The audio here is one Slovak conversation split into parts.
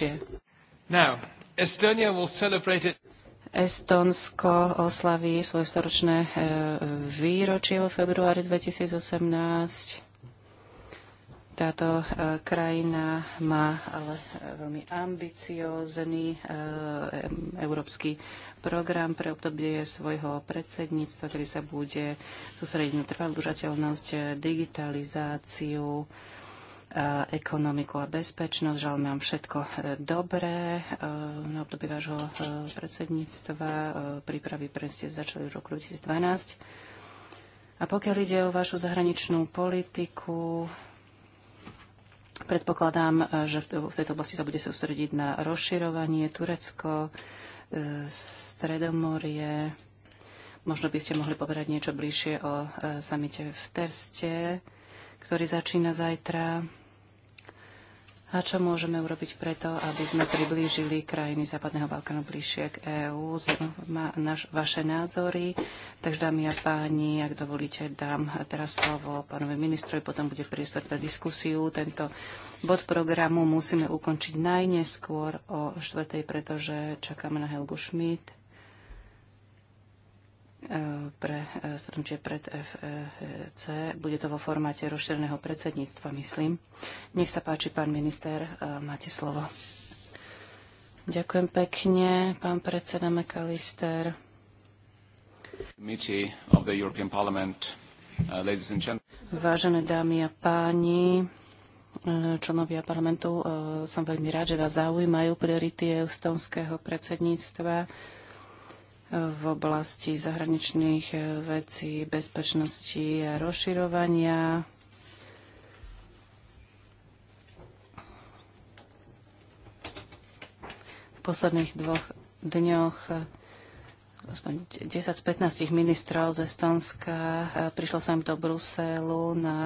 výročie. Now, Estonia will celebrate it. Estonsko oslaví svoje storočné e, výročie vo februári 2018. Táto e, krajina má ale e, veľmi ambiciózny európsky program pre obdobie svojho predsedníctva, ktorý sa bude sústrediť na trvalú digitalizáciu, ekonomiku a bezpečnosť. Želám vám všetko e, dobré e, na období vášho e, predsedníctva. Prípravy pre ste začali v roku 2012. A pokiaľ ide o vašu zahraničnú politiku, predpokladám, že v tejto oblasti sa bude sústrediť na rozširovanie Turecko, Stredomorie, Možno by ste mohli povedať niečo bližšie o samite v Terste, ktorý začína zajtra. A čo môžeme urobiť preto, aby sme priblížili krajiny Západného Balkánu bližšie k EÚ? Naš, vaše názory. Takže dámy a páni, ak dovolíte, dám teraz slovo pánovi ministrovi, potom bude priestor pre diskusiu. Tento bod programu musíme ukončiť najneskôr o štvrtej, pretože čakáme na Helgu Schmidt pre e, stretnutie pred FEC. Bude to vo formáte rozšíreného predsedníctva, myslím. Nech sa páči, pán minister, e, máte slovo. Ďakujem pekne, pán predseda McAllister. Uh, Vážené dámy a páni, e, členovia parlamentu, som veľmi rád, že vás zaujímajú priority estonského predsedníctva v oblasti zahraničných eh, vecí, bezpečnosti a rozširovania. V posledných dvoch dňoch 10 eh, z 15 ministrov z Estonska eh, prišlo sem do Bruselu na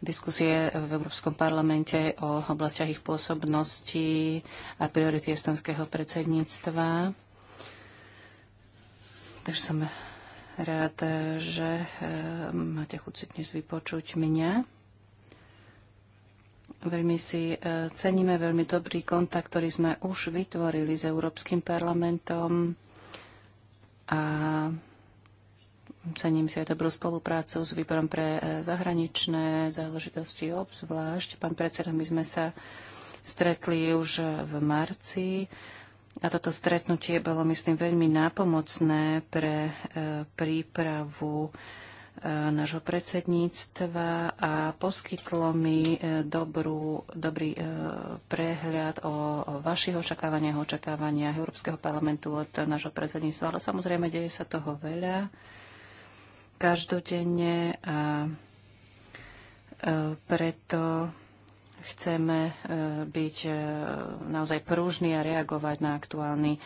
diskusie v Európskom parlamente o oblastiach ich pôsobnosti a priority estonského predsedníctva. Takže som rád, že eh, máte chuť si dnes vypočuť mňa. Veľmi si eh, ceníme veľmi dobrý kontakt, ktorý sme už vytvorili s Európskym parlamentom a cením si aj dobrú spoluprácu s výborom pre eh, zahraničné záležitosti obzvlášť. Pán predseda, my sme sa stretli už v marci a toto stretnutie bolo, myslím, veľmi nápomocné pre e, prípravu e, nášho predsedníctva a poskytlo mi e, dobrú, dobrý prehľad o vašich očakávaniach, očakávaniach Európskeho parlamentu od nášho predsedníctva. Ale samozrejme, deje sa toho veľa každodenne a preto chceme e, byť e, naozaj pružní a reagovať na aktuálny e,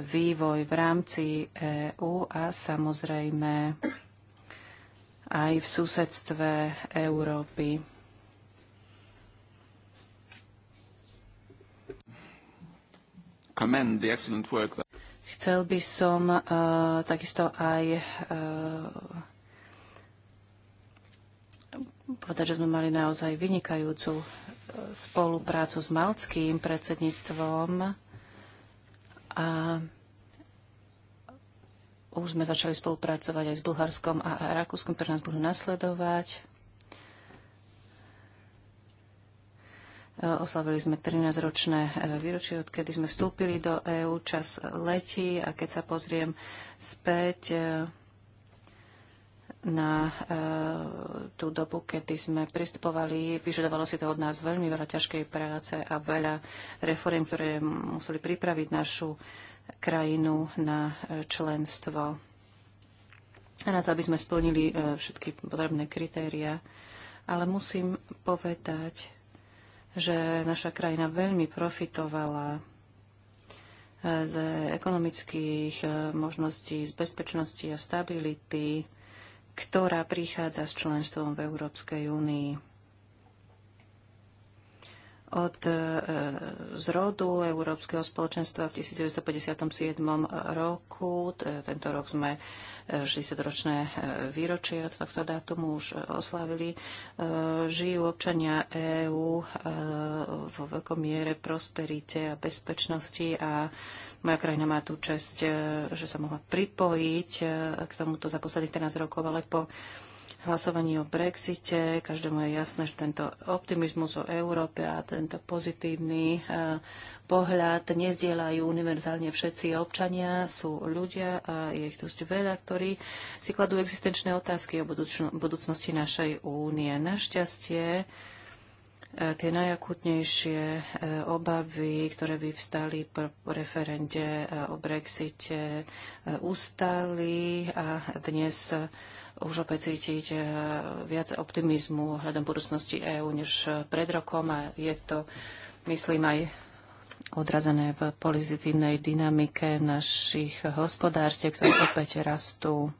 vývoj v rámci EÚ a samozrejme aj v susedstve Európy. Chcel by som uh, takisto aj uh, povedať, že sme mali naozaj vynikajúcu e, spoluprácu s malckým predsedníctvom a už sme začali spolupracovať aj s Bulharskom a Rakúskom, ktoré nás budú nasledovať. E, oslavili sme 13-ročné e, výročie, odkedy sme vstúpili do EÚ. Čas letí a keď sa pozriem späť, na eh, tú dobu, kedy sme pristupovali, vyžadovalo si to od nás veľmi veľa ťažkej práce a veľa reform, ktoré museli pripraviť našu krajinu na eh, členstvo. A na to, aby sme splnili eh, všetky potrebné kritéria. Ale musím povedať, že naša krajina veľmi profitovala z ekonomických možností, z bezpečnosti a stability ktorá prichádza s členstvom v Európskej únii od e, zrodu Európskeho spoločenstva v 1957 roku. Tento rok sme 60-ročné e, e, výročie od tohto dátumu už oslavili. Žijú občania EÚ vo veľkom miere prosperite a bezpečnosti a moja krajina má tú čest, že sa mohla pripojiť k tomuto za posledných 13 rokov, ale po hlasovaní o Brexite. Každému je jasné, že tento optimizmus o Európe a tento pozitívny eh, pohľad nezdielajú univerzálne všetci občania. Sú ľudia a je ich dosť veľa, ktorí si kladú existenčné otázky o budúcnosti našej únie. Našťastie eh, tie najakutnejšie eh, obavy, ktoré by vstali po referende o Brexite, ustali a dnes už opäť cítiť eh, viac optimizmu hľadom budúcnosti EÚ než eh, pred rokom a je to, myslím, aj odrazené v pozitívnej dynamike našich hospodárstiev, ktoré opäť rastú.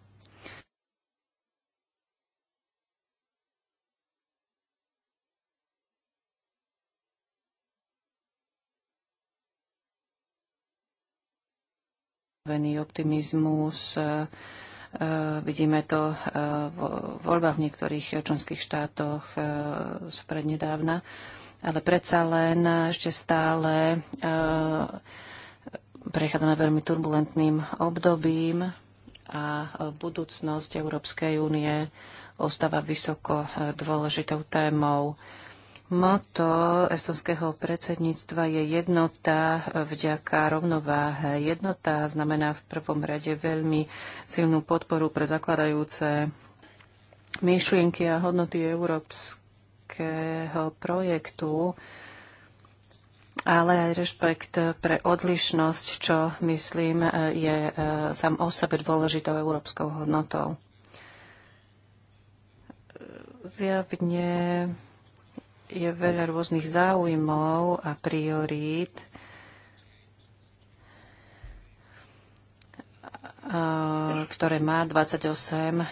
optimizmus eh, Eh, vidíme to eh, vo voľbách v niektorých členských štátoch eh, sprednedávna, ale predsa len ešte stále prechádzame veľmi turbulentným obdobím a budúcnosť Európskej únie ostáva vysoko dôležitou témou. Moto estonského predsedníctva je jednota vďaka rovnováhe. Jednota znamená v prvom rade veľmi silnú podporu pre zakladajúce myšlienky a hodnoty európskeho projektu, ale aj rešpekt pre odlišnosť, čo myslím je eh, sám o sebe dôležitou európskou hodnotou. Zjavne je veľa rôznych záujmov a priorít. ktoré má 28,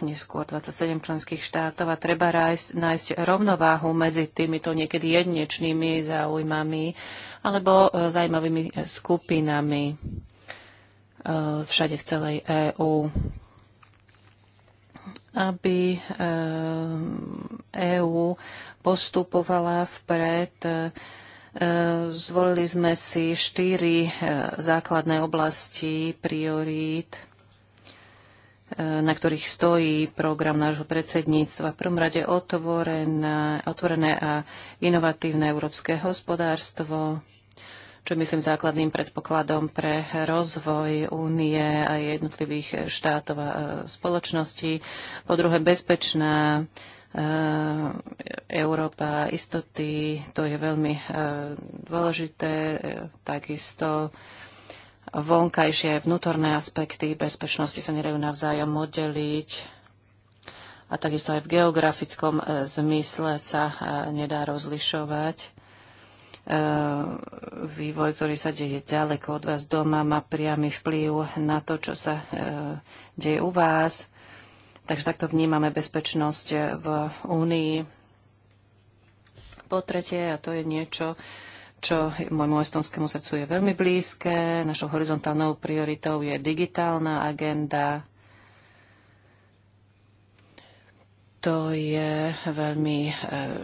neskôr 27 členských štátov a treba rájsť, nájsť rovnováhu medzi týmito niekedy jedinečnými záujmami alebo e, zaujímavými skupinami e, všade v celej EÚ aby EÚ eh, e postupovala vpred. Eh, zvolili sme si štyri eh, základné oblasti priorít, na ktorých stojí program nášho predsedníctva. V prvom rade otvorené, otvorené a inovatívne európske hospodárstvo, čo je, myslím, základným predpokladom pre rozvoj únie a jednotlivých štátov a e, spoločností. Po druhé, bezpečná e, Európa istoty, to je veľmi e, dôležité. Takisto vonkajšie vnútorné aspekty bezpečnosti sa nedajú navzájom oddeliť a takisto aj v geografickom zmysle sa nedá rozlišovať. E, vývoj, ktorý sa deje ďaleko od vás doma, má priamy vplyv na to, čo sa e, deje u vás. Takže takto vnímame bezpečnosť v Únii. Po tretie, a to je niečo, čo môjmu estonskému srdcu je veľmi blízke, našou horizontálnou prioritou je digitálna agenda, to je veľmi e,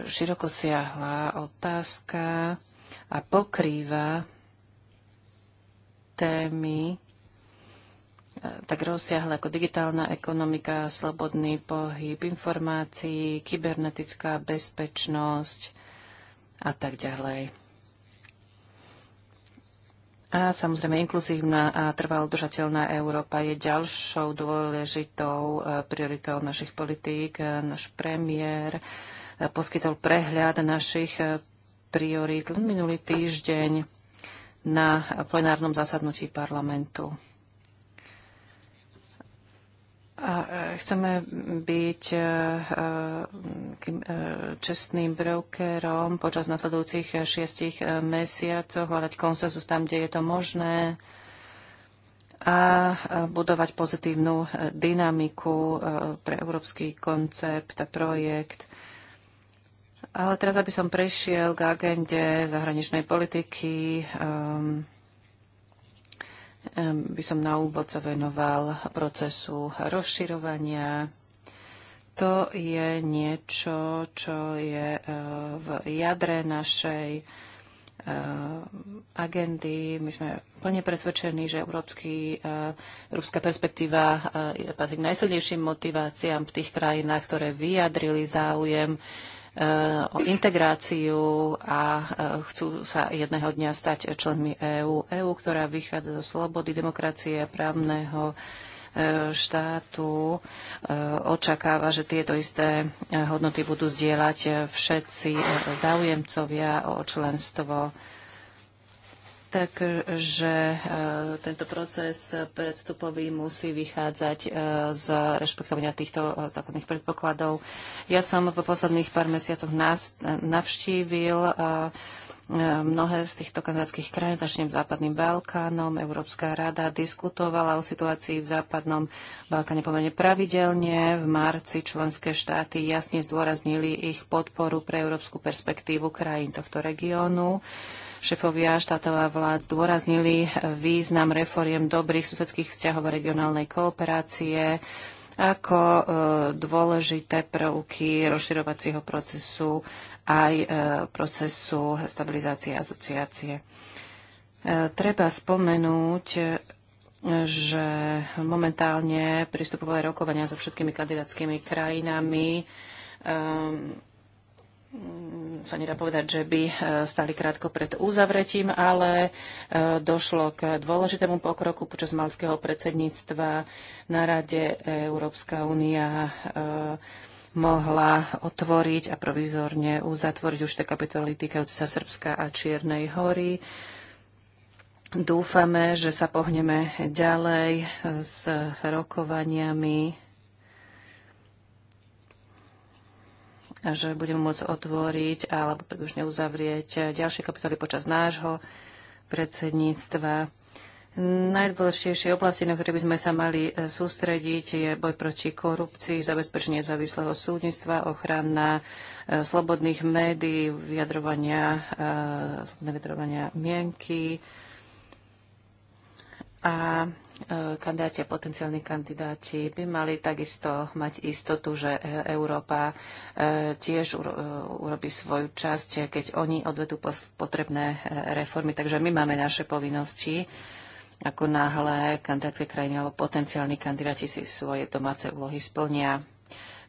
širokosiahla otázka a pokrýva témy e, tak rozsiahle ako digitálna ekonomika, slobodný pohyb informácií, kybernetická bezpečnosť a tak ďalej. A samozrejme, inkluzívna a trvalo držateľná Európa je ďalšou dôležitou e, prioritou našich politík. E, náš premiér poskytol prehľad našich priorít len minulý týždeň na plenárnom zasadnutí parlamentu. A e, chceme byť e, e, čestným brokerom počas nasledujúcich šiestich mesiacov, hľadať konsenzus tam, kde je to možné a budovať pozitívnu dynamiku pre európsky koncept a projekt ale teraz, aby som prešiel k agende zahraničnej politiky, um, um, by som na úvod sa venoval procesu rozširovania. To je niečo, čo je uh, v jadre našej eh, agendy. My sme plne presvedčení, že európsky, eh, európska perspektíva patrí k najsilnejším motiváciám v tých krajinách, ktoré vyjadrili záujem o integráciu a e, chcú sa jedného dňa stať členmi EÚ. EÚ, ktorá vychádza zo slobody, demokracie a právneho e, štátu e, očakáva, že tieto isté hodnoty budú zdieľať všetci záujemcovia o členstvo tak, že e, tento proces predstupový musí vychádzať e, z rešpektovania týchto e, zákonných predpokladov. Ja som po posledných pár mesiacoch navštívil mnohé z týchto kanadských krajín, začnem Západným Balkánom. Európska rada diskutovala o situácii v Západnom Balkáne pomerne pravidelne. V marci členské štáty jasne zdôraznili ich podporu pre európsku perspektívu krajín tohto regiónu. Šefovia štátov a vlád zdôraznili význam reforiem dobrých susedských vzťahov a regionálnej kooperácie ako e, dôležité prvky rozširovacieho procesu aj e, procesu stabilizácie asociácie. E, treba spomenúť, že momentálne pristupové rokovania so všetkými kandidátskymi krajinami um, Mm, sa nedá povedať, že by e, stali krátko pred uzavretím, ale e, došlo k dôležitému pokroku počas malského predsedníctva na Rade Európska únia e, mohla otvoriť a provizorne uzatvoriť už tie kapitoly týkajúce sa Srbska a Čiernej hory. Dúfame, že sa pohneme ďalej s rokovaniami že budeme môcť otvoriť alebo už uzavrieť ďalšie kapitoly počas nášho predsedníctva. Najdôležitejšie oblasti, na ktoré by sme sa mali e, sústrediť, je boj proti korupcii, zabezpečenie závislého súdnictva, ochrana e, slobodných médií, vyjadrovania, e, vyjadrovania mienky a Eh, kandidáti a potenciálni kandidáti by mali takisto mať istotu, že eh, Európa eh, tiež urobí svoju časť, keď oni odvedú potrebné reformy. Takže my máme naše povinnosti ako náhle kandidátske krajiny alebo potenciálni kandidáti si svoje domáce úlohy splnia.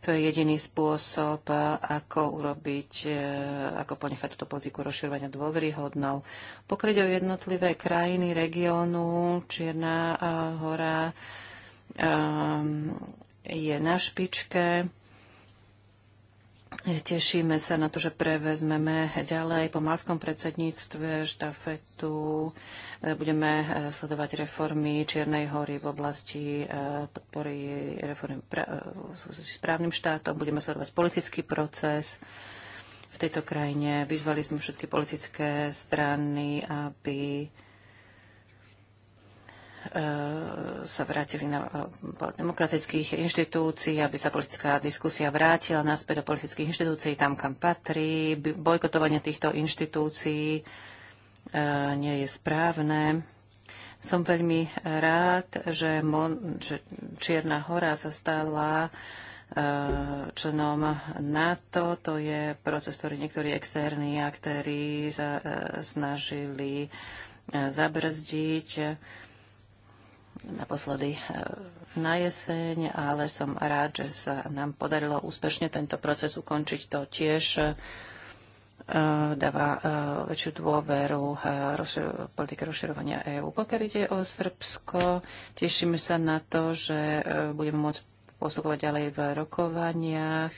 To je jediný spôsob, ako urobiť, e, ako ponechať túto politiku rozširovania dôveryhodnou. Pokryť o jednotlivé krajiny regiónu Čierna e, hora e, je na špičke Tešíme sa na to, že prevezmeme ďalej po malskom predsedníctve štafetu. E, budeme e, sledovať reformy Čiernej hory v oblasti e, podpory reformy s právnym štátom. Budeme sledovať politický proces v tejto krajine. Vyzvali sme všetky politické strany, aby sa vrátili na demokratických inštitúcií, aby sa politická diskusia vrátila naspäť do politických inštitúcií, tam, kam patrí. Bojkotovanie týchto inštitúcií e, nie je správne. Som veľmi rád, že, Mon- že Čierna hora sa stala e, členom NATO. To je proces, ktorý niektorí externí aktéry e, snažili zabrzdiť naposledy eh, na jeseň, ale som rád, že sa nám podarilo úspešne tento proces ukončiť. To tiež eh, dáva eh, väčšiu dôveru politike rozširovania EÚ. Pokiaľ ide o Srbsko, tešíme sa na to, že budeme môcť posúvať ďalej v rokovaniach.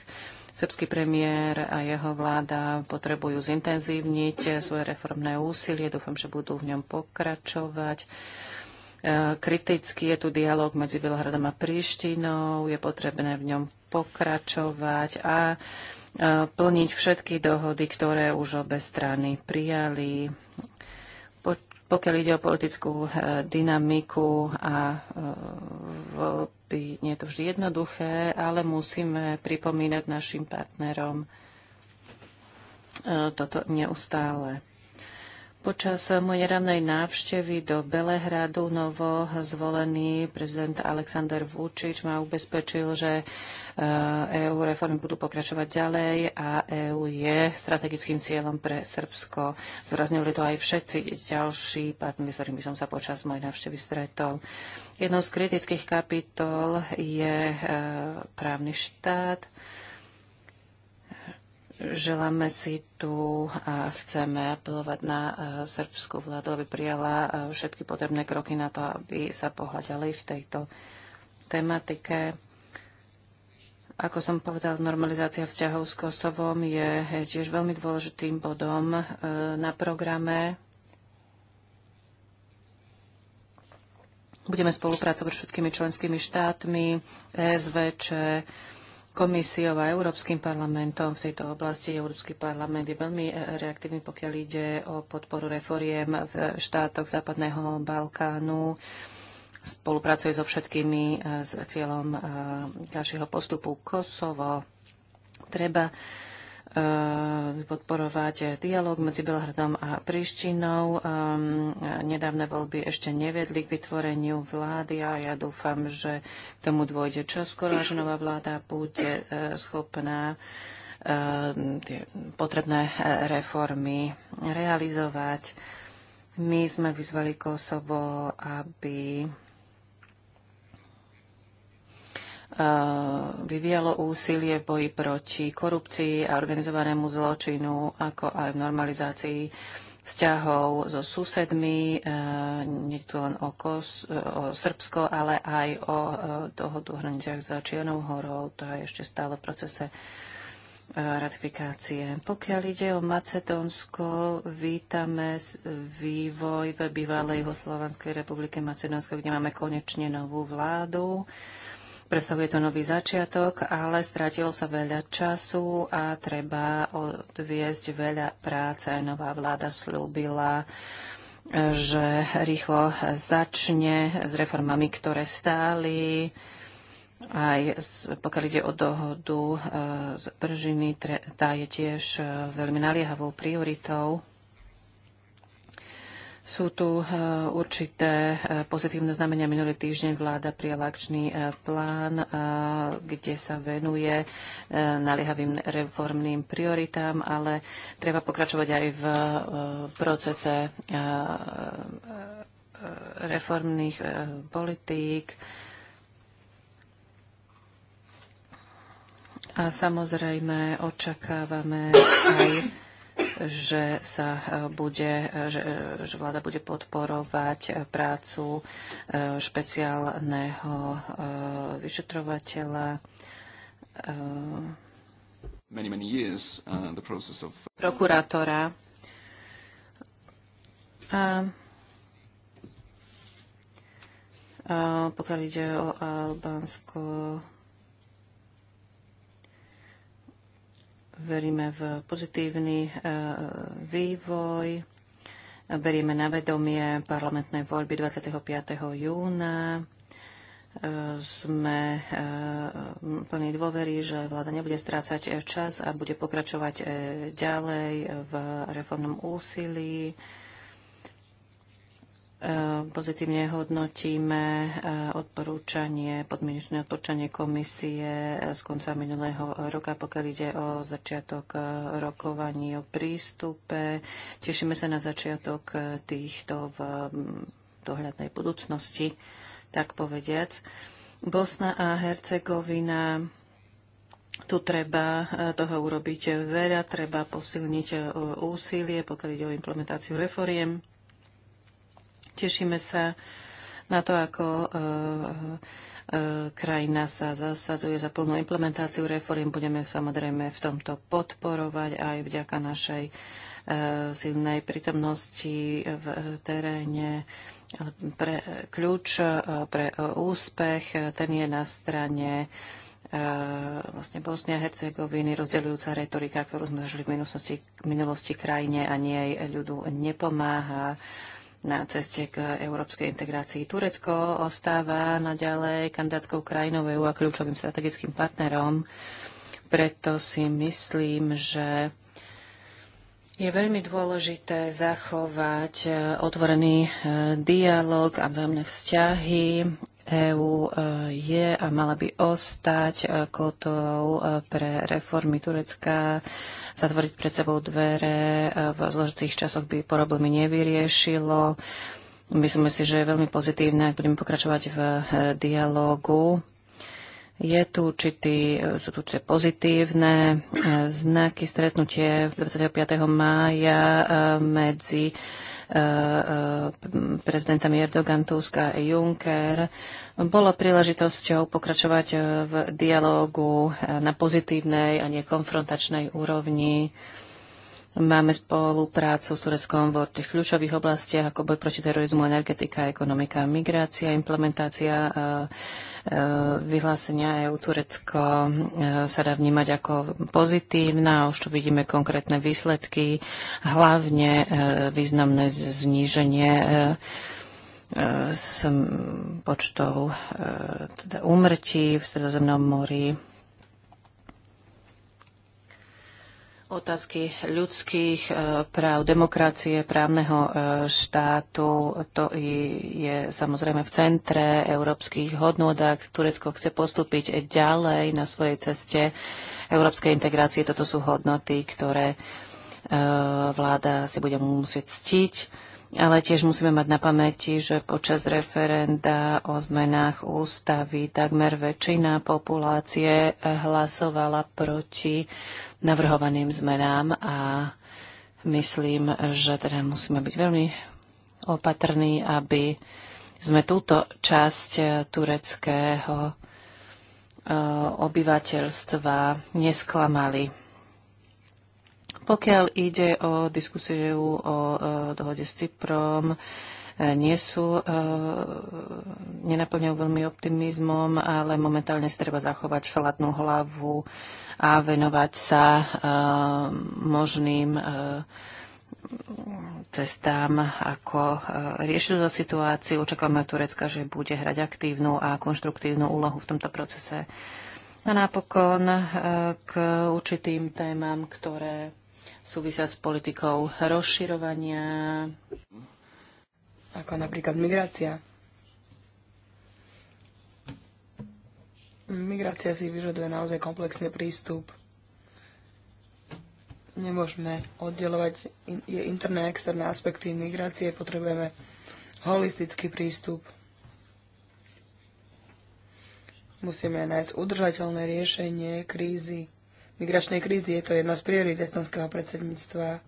Srbský premiér a jeho vláda potrebujú zintenzívniť svoje reformné úsilie. Dúfam, že budú v ňom pokračovať. E, kritický. Je tu dialog medzi Belhradom a Príštinou, je potrebné v ňom pokračovať a e, plniť všetky dohody, ktoré už obe strany prijali. Pokiaľ ide o politickú e, dynamiku a voľby, nie je to vždy jednoduché, ale musíme pripomínať našim partnerom toto neustále. Počas mojej rannej návštevy do Belehradu novo zvolený prezident Aleksandr Vučič ma ubezpečil, že EU e reformy budú pokračovať ďalej a EU je strategickým cieľom pre Srbsko. Zvraznili to aj všetci ďalší partnery, s ktorými som sa počas mojej návštevy stretol. Jednou z kritických kapitol je e, právny štát Želáme si tu a chceme apelovať na e, srbskú vládu, aby prijala e, všetky potrebné kroky na to, aby sa pohľadali v tejto tematike. Ako som povedal, normalizácia vzťahov s Kosovom je tiež veľmi dôležitým bodom e, na programe. Budeme spolupracovať s všetkými členskými štátmi, SVČ, komisiou a Európskym parlamentom v tejto oblasti. Európsky parlament je veľmi e, reaktívny, pokiaľ ide o podporu reforiem v štátoch Západného Balkánu. Spolupracuje so všetkými e, s cieľom e, ďalšieho postupu Kosovo. Treba Eh, podporovať dialog medzi Belhradom a Prištinou. Nedávne voľby ešte neviedli k vytvoreniu vlády a ja dúfam, že k tomu dôjde čoskoro, že nová vláda bude eh, schopná eh, tie potrebné reformy realizovať. My sme vyzvali Kosovo, aby vyvíjalo úsilie v boji proti korupcii a organizovanému zločinu, ako aj v normalizácii vzťahov so susedmi, nie tu len o, Kos, o Srbsko, ale aj o dohodu o hraniciach s Čiernou horou. To je ešte stále v procese ratifikácie. Pokiaľ ide o Macedónsko, vítame vývoj ve bývalej Juhoslovanskej republike Macedónsko, kde máme konečne novú vládu. Predstavuje to nový začiatok, ale strátilo sa veľa času a treba odviesť veľa práce. Nová vláda slúbila že rýchlo začne s reformami, ktoré stáli aj pokiaľ ide o dohodu z e, Bržiny, tá je tiež e, veľmi naliehavou prioritou. Sú tu e, určité e, pozitívne znamenia. Minulý týždeň vláda prijala akčný e, plán, kde sa venuje naliehavým reformným prioritám, ale treba pokračovať aj v procese reformných politík. A samozrejme očakávame aj že sa e, bude, e, že, e, že vláda bude podporovať prácu špeciálneho vyšetrovateľa. Many, many years, uh, the process of... Uh, prokurátora. A pokiaľ ide o Albánsko, veríme v pozitívny e, vývoj. Berieme na vedomie parlamentnej voľby 25. júna. E, sme e, plní dôvery, že vláda nebude strácať čas a bude pokračovať ďalej v reformnom úsilí Ehm, pozitívne hodnotíme ehm, odporúčanie, podmienečné odporúčanie komisie ehm, z konca minulého roka, pokiaľ ide o začiatok rokovaní o prístupe. Tešíme sa na začiatok týchto v dohľadnej budúcnosti, tak povediac. Bosna a Hercegovina tu treba toho urobiť veľa, treba posilniť úsilie, pokiaľ ide o implementáciu reforiem Tešíme sa na to, ako eh, eh, krajina sa zasadzuje za plnú implementáciu reform. Budeme samozrejme v tomto podporovať aj vďaka našej eh, silnej prítomnosti v teréne. Pre, kľúč pre úspech, ten je na strane vlastne Bosnia a Hercegoviny, rozdeľujúca retorika, ktorú sme žili v minulosti, minulosti krajine a nie jej ľudu nepomáha na ceste k európskej integrácii. Turecko ostáva naďalej kandidátskou krajinou EU a kľúčovým strategickým partnerom, preto si myslím, že je veľmi dôležité zachovať otvorený eh, dialog a vzájomné vzťahy EÚ e, e, je a mala by ostať e, kotou pre reformy Turecka, zatvoriť pred sebou dvere v zložitých časoch by problémy nevyriešilo. Myslím si, že je veľmi pozitívne, ak budeme pokračovať v dialogu. Je tu určitý, sú tu určité pozitívne znaky stretnutie 25. mája medzi Eh, eh, prezidentami Erdogan, Tusk a Juncker. Bolo príležitosťou pokračovať eh, v dialógu na pozitívnej a nekonfrontačnej úrovni Máme spoluprácu s Tureckom v tých kľúčových oblastiach ako boj proti terorizmu, energetika, ekonomika, migrácia, implementácia e, e, vyhlásenia EU Turecko e, sa dá vnímať ako pozitívna. Už tu vidíme konkrétne výsledky, hlavne významné zníženie s počtou teda úmrtí v Stredozemnom mori Otázky ľudských e, práv, demokracie, právneho e, štátu, to je samozrejme v centre európskych hodnôt, ak Turecko chce postúpiť ďalej na svojej ceste európskej integrácie. Toto sú hodnoty, ktoré e, vláda si bude musieť ctiť ale tiež musíme mať na pamäti, že počas referenda o zmenách ústavy takmer väčšina populácie hlasovala proti navrhovaným zmenám a myslím, že teda musíme byť veľmi opatrní, aby sme túto časť tureckého eh, obyvateľstva nesklamali. Pokiaľ ide o diskusiu e o e, dohode s Cyprom, e, nie sú, nenaplňujú veľmi optimizmom, ale momentálne si treba zachovať chladnú hlavu a venovať sa možným cestám, ako riešiť túto situáciu. Očakávame od Turecka, že bude hrať aktívnu a konštruktívnu úlohu v tomto procese. A napokon k určitým témam, ktoré súvisia s politikou rozširovania. Ako napríklad migrácia. Migrácia si vyžaduje naozaj komplexný prístup. Nemôžeme oddelovať interné a externé aspekty migrácie, potrebujeme holistický prístup. Musíme nájsť udržateľné riešenie krízy migračnej krízy. Je to jedna z priorít estonského predsedníctva.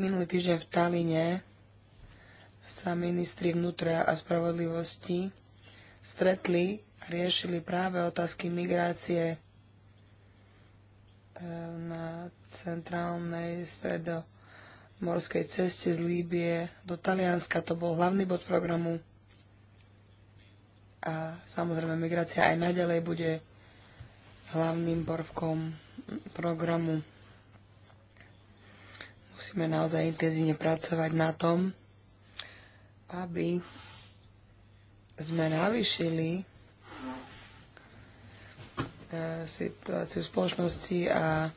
Minulý týždeň v Taline sa ministri vnútra a spravodlivosti stretli a riešili práve otázky migrácie eh, na centrálnej stredo morskej ceste z Líbie do Talianska. To bol hlavný bod programu. A samozrejme, migrácia aj naďalej bude hlavným prvkom programu. Musíme naozaj intenzívne pracovať na tom, aby sme navýšili e, situáciu spoločnosti a e,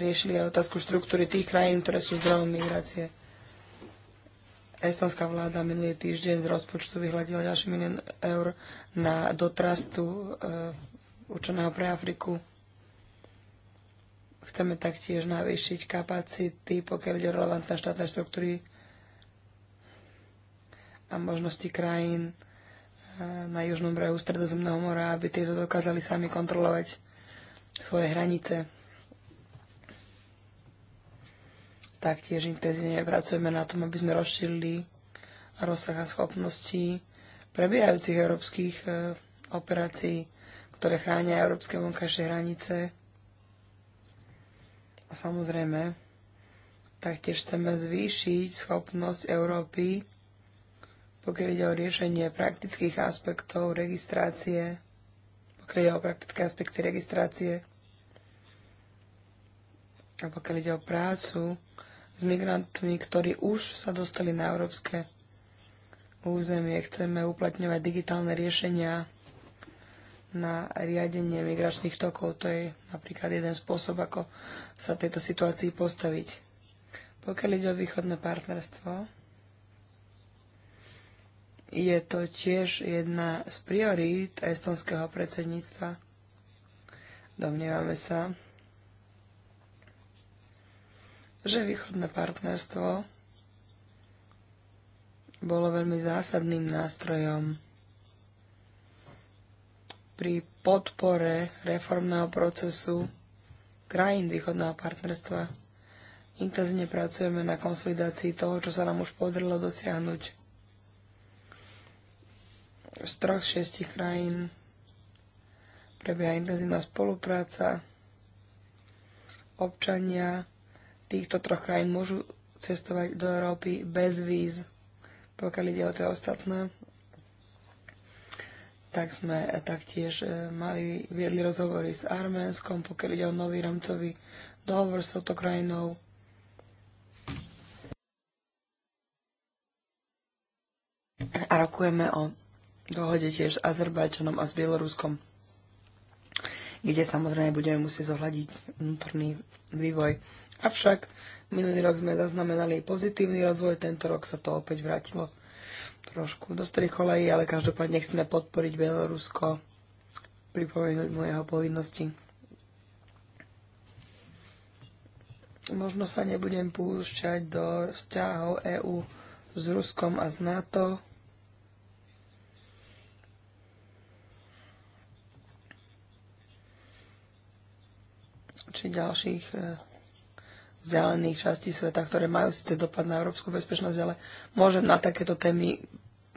riešili aj otázku štruktúry tých krajín, ktoré sú zdravom migrácie. Estonská vláda minulý týždeň z rozpočtu vyhľadila ďalší milión eur na dotrastu e, určeného pre Afriku. Chceme taktiež navýšiť kapacity, pokiaľ ide relevantné štátne štruktúry a možnosti krajín eh, na južnom brehu Stredozemného mora, aby tieto dokázali sami kontrolovať svoje hranice. Taktiež intenzívne pracujeme na tom, aby sme rozšírili rozsah a schopností prebiehajúcich európskych e, operácií, ktoré chránia európske vonkajšie hranice. A samozrejme, taktiež chceme zvýšiť schopnosť Európy, pokiaľ ide o riešenie praktických aspektov registrácie, pokiaľ ide o praktické aspekty registrácie a pokiaľ ide o prácu s migrantmi, ktorí už sa dostali na európske územie. Chceme uplatňovať digitálne riešenia na riadenie migračných tokov. To je napríklad jeden spôsob, ako sa tejto situácii postaviť. Pokiaľ ide o východné partnerstvo, je to tiež jedna z priorít estonského predsedníctva. Domnievame sa, že východné partnerstvo bolo veľmi zásadným nástrojom pri podpore reformného procesu krajín východného partnerstva. Intenzívne pracujeme na konsolidácii toho, čo sa nám už podarilo dosiahnuť z troch šiestich krajín. Prebieha intenzívna spolupráca. Občania týchto troch krajín môžu cestovať do Európy bez víz. Pokiaľ ide o tie ostatné, tak sme eh, taktiež eh, mali, viedli rozhovory s Arménskom, pokiaľ ide o nový rámcový dohovor s touto krajinou. A rokujeme o dohode tiež s Azerbajčanom a s Bieloruskom, kde samozrejme budeme musieť zohľadiť vnútorný vývoj Avšak minulý rok sme zaznamenali pozitívny rozvoj, tento rok sa to opäť vrátilo trošku do starých kolejí, ale každopádne chceme podporiť Bielorusko, pripomenúť mu jeho povinnosti. Možno sa nebudem púšťať do vzťahov EÚ s Ruskom a s NATO, či ďalších e, zelených častí sveta, ktoré majú síce dopad na európsku bezpečnosť, ale môžem na takéto témy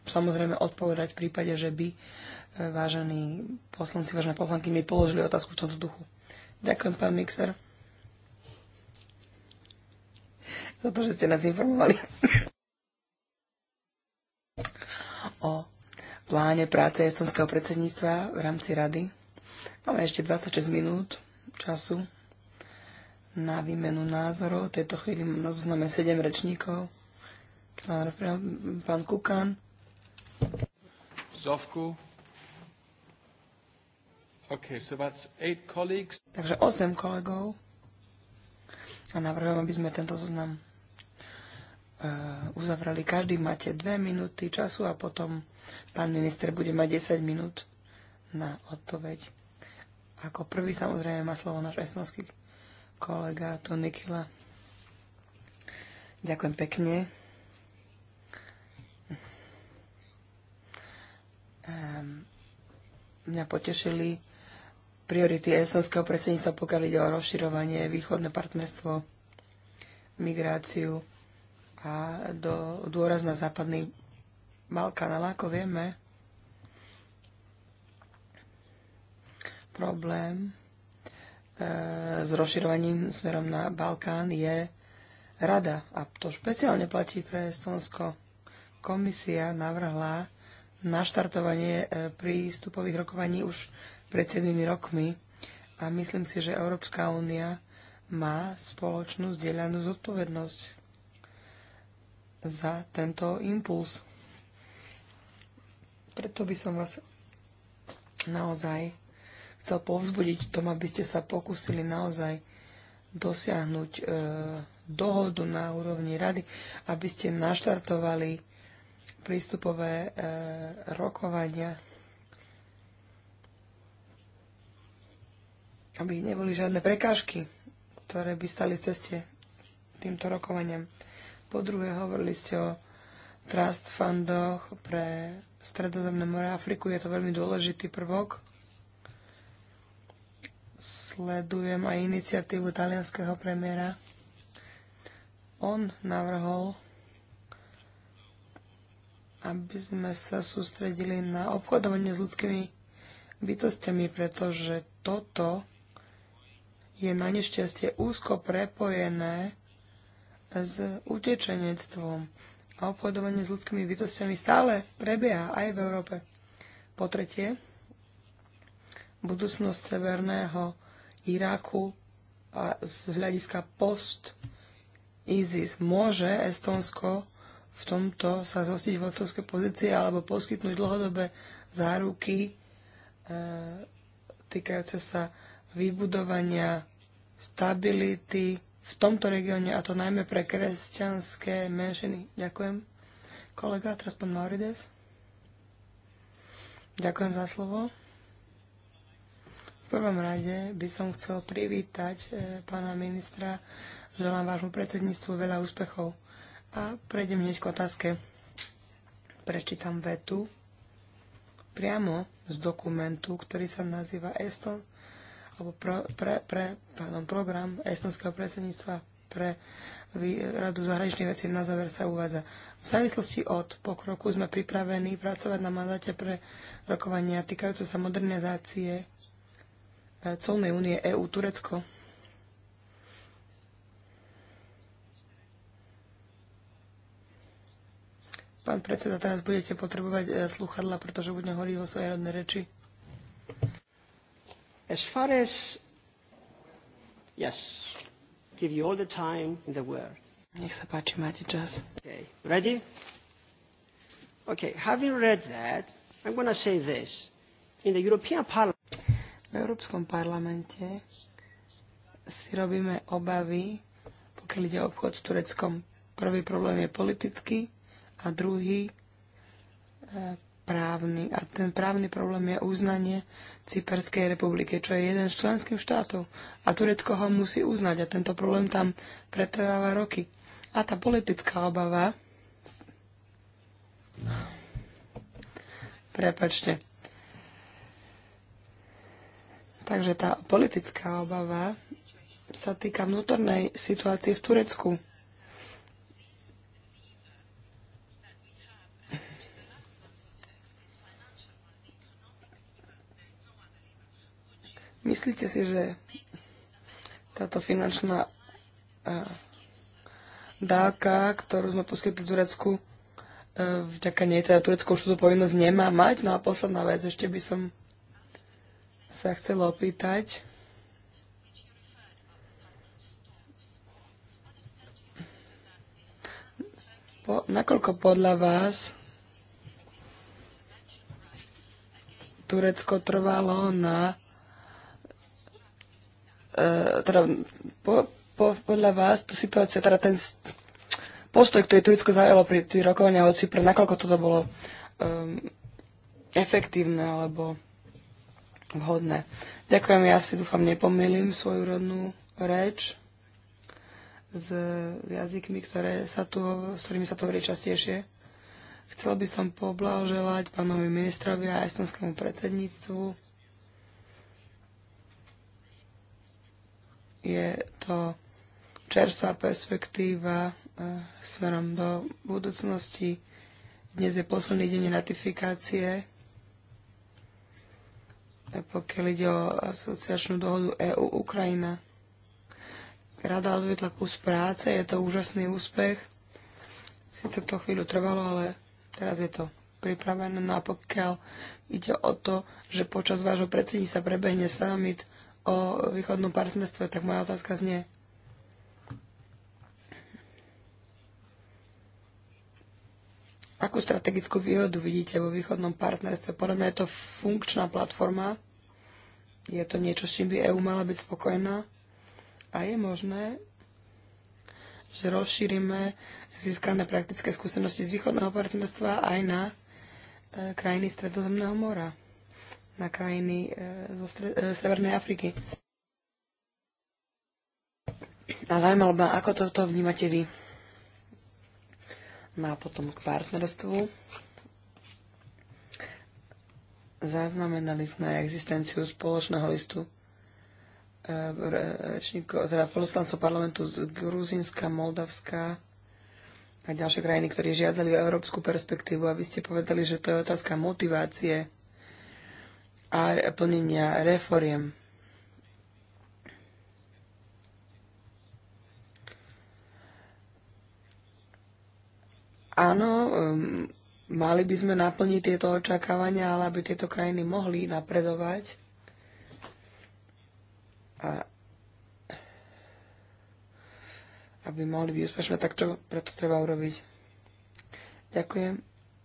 samozrejme odpovedať v prípade, že by e, vážení poslanci, vážené poslanky mi položili otázku v tomto duchu. Ďakujem, pán Mixer, za to, že ste nás informovali o pláne práce estonského predsedníctva v rámci rady. Máme ešte 26 minút času na výmenu názorov. V tejto chvíli mám na zozname 7 rečníkov. Pán Kukan. Zovku. Okay, so that's eight colleagues. Takže 8 kolegov. A navrhujem, aby sme tento zoznam e, uzavrali. Každý máte dve minúty času a potom pán minister bude mať 10 minút na odpoveď. Ako prvý samozrejme má slovo náš Esnovský, kolega Tonikila. Ďakujem pekne. Ehm, mňa potešili priority esenského predsedníctva, pokiaľ ide o rozširovanie, východné partnerstvo, migráciu a do, dôraz na západný Balkán. Ale ako vieme, problém E, s rozširovaním smerom na Balkán je rada. A to špeciálne platí pre Estonsko. Komisia navrhla naštartovanie e, prístupových rokovaní už pred 7 rokmi a myslím si, že Európska únia má spoločnú zdieľanú zodpovednosť za tento impuls. Preto by som vás naozaj chcel povzbudiť tom, aby ste sa pokúsili naozaj dosiahnuť e, dohodu na úrovni rady, aby ste naštartovali prístupové e, rokovania, aby neboli žiadne prekážky, ktoré by stali v ceste týmto rokovaniam. Po druhé, hovorili ste o trust fundoch pre Stredozemné more Afriku. Je to veľmi dôležitý prvok sledujem aj iniciatívu talianského premiéra. On navrhol, aby sme sa sústredili na obchodovanie s ľudskými bytostiami, pretože toto je na nešťastie úzko prepojené s utečenectvom. A obchodovanie s ľudskými bytostiami stále prebieha aj v Európe. Po tretie, budúcnosť severného Iraku a z hľadiska post ISIS. Môže Estonsko v tomto sa zostiť vodcovské pozície alebo poskytnúť dlhodobé záruky e, týkajúce sa vybudovania stability v tomto regióne, a to najmä pre kresťanské menšiny. Ďakujem. Kolega, teraz pán Maurides. Ďakujem za slovo. V prvom rade by som chcel privítať e, pána ministra. Želám vášmu predsedníctvu veľa úspechov. A prejdem hneď k otázke. Prečítam vetu priamo z dokumentu, ktorý sa nazýva Eston, alebo pro, pre, pre, pardon, program estonského predsedníctva pre Radu zahraničných vecí na záver sa uvádza. V závislosti od pokroku sme pripravení pracovať na mandáte pre rokovania týkajúce sa modernizácie E, colnej únie EU-Turecko. Pán predseda, teraz budete potrebovať e, sluchadla, pretože budem horí vo svojej rodnej reči. As far as... Yes. Give you all the time in the world. Nech sa páči, máte čas. Okay. Ready? Okay. Having read that, I'm going to say this. In the European Parliament... V Európskom parlamente si robíme obavy, pokiaľ ide o obchod s Tureckom. Prvý problém je politický a druhý e, právny. A ten právny problém je uznanie Cyperskej republiky, čo je jeden z členských štátov. A Turecko ho musí uznať a tento problém tam pretrváva roky. A tá politická obava... Prepačte. Takže tá politická obava sa týka vnútornej situácie v Turecku. Myslíte si, že táto finančná e, dávka, ktorú sme poskytli Turecku, e, vďaka nej teda Turecku už túto povinnosť nemá mať? No a posledná vec, ešte by som sa chcel opýtať, po, nakoľko podľa vás Turecko trvalo na e, teda po, po, podľa vás tá situácia, teda ten postoj, ktorý Turecko zaujalo pri tých rokovaniach o Cypre, nakoľko toto bolo um, efektívne alebo vhodné. Ďakujem, ja si dúfam, nepomýlim svoju rodnú reč s jazykmi, ktoré sa tu, s ktorými sa tu hovorí častejšie. Chcel by som poblahoželať pánovi ministrovi a estonskému predsedníctvu. Je to čerstvá perspektíva e, smerom do budúcnosti. Dnes je posledný deň ratifikácie E, pokiaľ ide o asociačnú dohodu EU-Ukrajina. Rada odvetla kus práce, je to úžasný úspech. Sice to chvíľu trvalo, ale teraz je to pripravené. No a pokiaľ ide o to, že počas vášho predsední sa prebehne summit o východnom partnerstve, tak moja otázka znie, Akú strategickú výhodu vidíte vo východnom partnerstve? Podľa mňa je to funkčná platforma. Je to niečo, s čím by EU mala byť spokojná. A je možné, že rozšírime získané praktické skúsenosti z východného partnerstva aj na e, krajiny Stredozemného mora, na krajiny e, zo stre- e, Severnej Afriky. A zaujímalo ma, ako toto vnímate vy? No a potom k partnerstvu. Zaznamenali sme existenciu spoločného listu e, rečníkov, teda poslancov parlamentu z Gruzinska, Moldavska a ďalšie krajiny, ktorí žiadali o európsku perspektívu. A vy ste povedali, že to je otázka motivácie a plnenia reforiem. Áno, um, mali by sme naplniť tieto očakávania, ale aby tieto krajiny mohli napredovať. A aby mohli byť úspešné, tak čo preto treba urobiť? Ďakujem.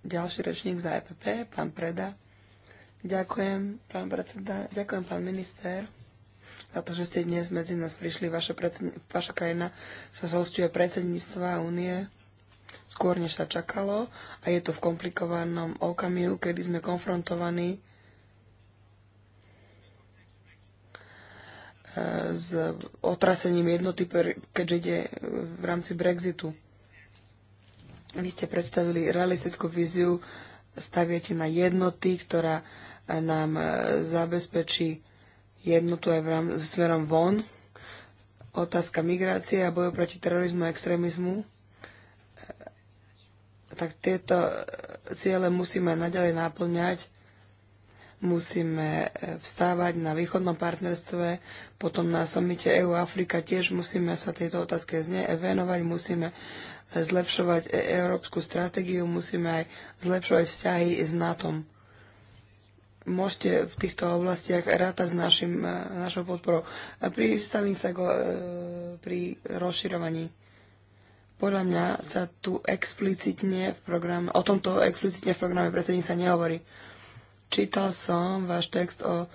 Ďalší rečník za EPP, pán Preda. Ďakujem, pán predseda, ďakujem, pán minister, za to, že ste dnes medzi nás prišli. Vaša, predsedni- vaša krajina sa zhostuje predsedníctva únie skôr než sa čakalo a je to v komplikovanom okamihu, kedy sme konfrontovaní e, s otrasením jednoty, keďže ide v rámci Brexitu. Vy ste predstavili realistickú víziu, staviete na jednoty, ktorá e, nám e, zabezpečí jednotu aj v rám- smerom von. Otázka migrácie a boju proti terorizmu a extrémizmu tak tieto ciele musíme naďalej náplňať. Musíme e, vstávať na východnom partnerstve, potom na somite EU-Afrika tiež musíme sa tejto otázke venovať, musíme e, zlepšovať e, európsku stratégiu, musíme aj zlepšovať vzťahy s NATO. Môžete v týchto oblastiach rátať s našim, našou podporou. Pristavím sa go, pri rozširovaní podľa mňa sa tu explicitne v programe, o tomto explicitne v programe predsední sa nehovorí. Čítal som váš text o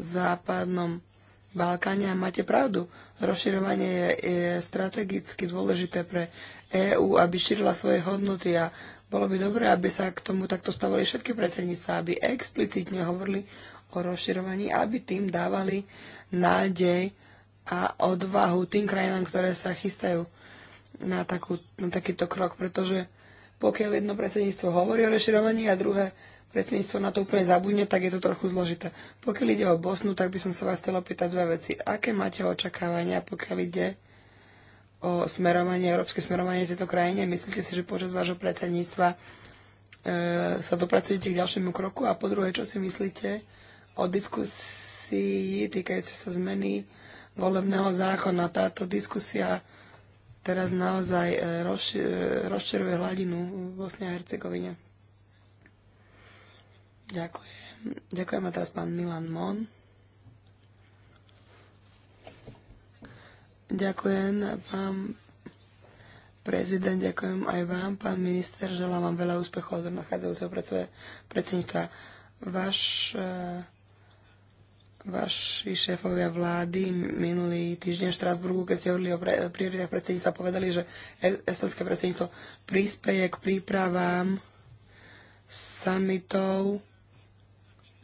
západnom Balkáne a máte pravdu. Rozširovanie je, je strategicky dôležité pre EÚ, aby šírila svoje hodnoty a bolo by dobré, aby sa k tomu takto stavali všetky predsedníctva, aby explicitne hovorili o rozširovaní, aby tým dávali nádej a odvahu tým krajinám, ktoré sa chystajú na, takú, na takýto krok, pretože pokiaľ jedno predsedníctvo hovorí o reširovaní a druhé predsedníctvo na to úplne zabudne, tak je to trochu zložité. Pokiaľ ide o Bosnu, tak by som sa vás chcela pýtať dve veci. Aké máte očakávania, pokiaľ ide o smerovanie, európske smerovanie tejto krajine? Myslíte si, že počas vášho predsedníctva e, sa dopracujete k ďalšiemu kroku? A po druhé, čo si myslíte o diskusii týkajúcej sa zmeny volebného zákona? Táto diskusia teraz naozaj e, e, rozčeruje hladinu v Bosne a Hercegovine. Ďakujem. Ďakujem a teraz pán Milan Mon. Ďakujem, pán prezident, ďakujem aj vám, pán minister, želám vám veľa úspechov od nachádzajúceho predsedníctva. Váš e, vaši šéfovia vlády minulý týždeň v Štrásburgu, keď ste hovorili o prioritách predsedníctva, povedali, že e-, estonské predsedníctvo prispieje k prípravám samitov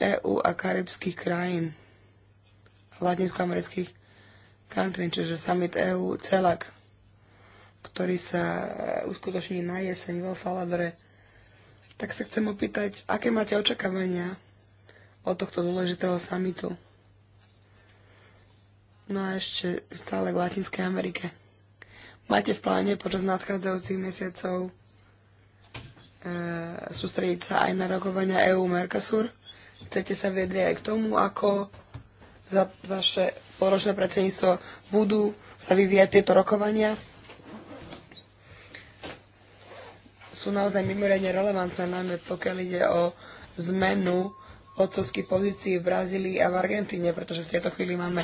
EU a karibských krajín, latinskoamerických country, čiže summit EU CELAK, ktorý sa uskutoční na jeseň v El Salvadore. Tak sa chcem opýtať, aké máte očakávania od tohto dôležitého summitu? No a ešte stále v Latinskej Amerike. Máte v pláne počas nadchádzajúcich mesiacov e, sústrediť sa aj na rokovania EU-Mercosur? Chcete sa vedrieť aj k tomu, ako za vaše poročné predsedníctvo budú sa vyvíjať tieto rokovania? Sú naozaj mimoriadne relevantné, najmä pokiaľ ide o zmenu otcovských pozícií v Brazílii a v Argentíne, pretože v tejto chvíli máme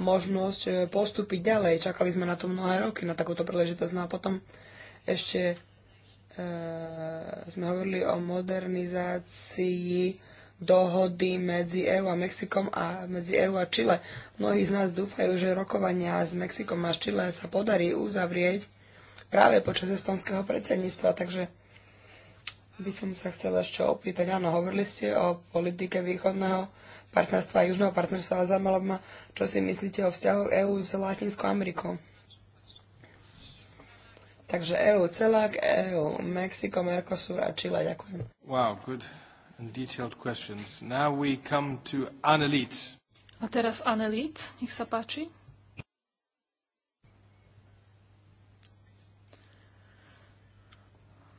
možnosť e, postúpiť ďalej. Čakali sme na to mnohé roky, na takúto príležitosť. No a potom ešte e, sme hovorili o modernizácii dohody medzi EÚ a Mexikom a medzi EÚ a Čile. Mnohí z nás dúfajú, že rokovania s Mexikom a Čile sa podarí uzavrieť práve počas estonského predsedníctva, takže by som sa chcela ešte opýtať. Áno, hovorili ste o politike východného partnerstva a južného partnerstva a zaujímalo ma, čo si myslíte o vzťahoch EÚ s Latinskou Amerikou. Takže EÚ celák, EÚ Mexiko, Mercosur a Chile. Ďakujem. Wow, good and detailed questions. Now we come to Annelies. A teraz Annelies, nech sa páči.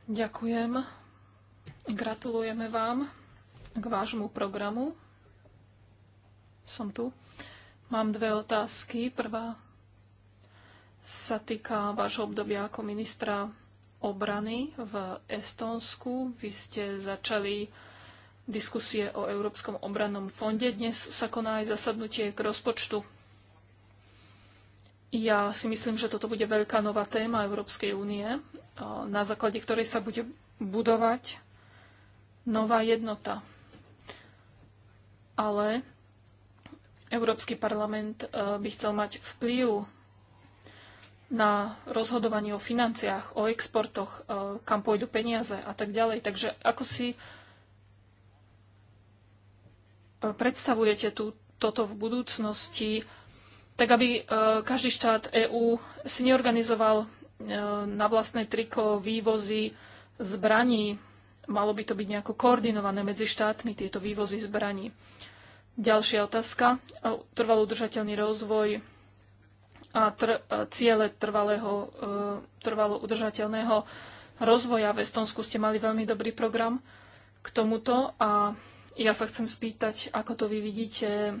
Ďakujem. Gratulujeme vám k vášmu programu som tu. Mám dve otázky. Prvá sa týka vášho obdobia ako ministra obrany v Estónsku. Vy ste začali diskusie o Európskom obrannom fonde. Dnes sa koná aj zasadnutie k rozpočtu. Ja si myslím, že toto bude veľká nová téma Európskej únie, na základe ktorej sa bude budovať nová jednota. Ale Európsky parlament e, by chcel mať vplyv na rozhodovanie o financiách, o exportoch, e, kam pôjdu peniaze a tak ďalej. Takže ako si e, predstavujete tú, toto v budúcnosti, tak aby každý štát EÚ si neorganizoval na vlastné triko vývozy zbraní. Malo by to byť nejako koordinované medzi štátmi, tieto vývozy zbraní. Ďalšia otázka. Trvalo udržateľný rozvoj a tr- ciele trvalého, e, trvalo udržateľného rozvoja. V Estonsku ste mali veľmi dobrý program k tomuto a ja sa chcem spýtať, ako to vy vidíte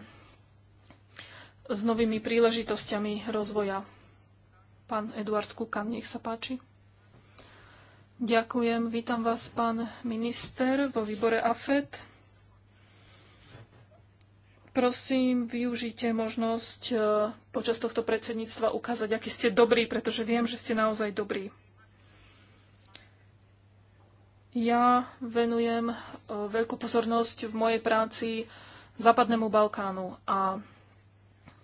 s novými príležitosťami rozvoja. Pán Eduard Kukan, nech sa páči. Ďakujem. Vítam vás, pán minister, vo výbore AFED. Prosím, využite možnosť e, počas tohto predsedníctva ukázať, aký ste dobrí, pretože viem, že ste naozaj dobrí. Ja venujem e, veľkú pozornosť v mojej práci Západnému Balkánu a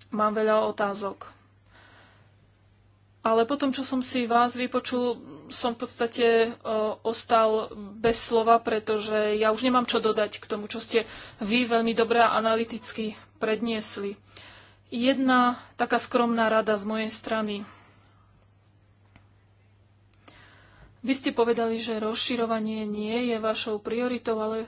mám veľa otázok. Ale potom, čo som si vás vypočul, som v podstate o, e, ostal bez slova, pretože ja už nemám čo dodať k tomu, čo ste vy veľmi dobre a analyticky predniesli. Jedna taká skromná rada z mojej strany. Vy ste povedali, že rozširovanie nie je vašou prioritou, ale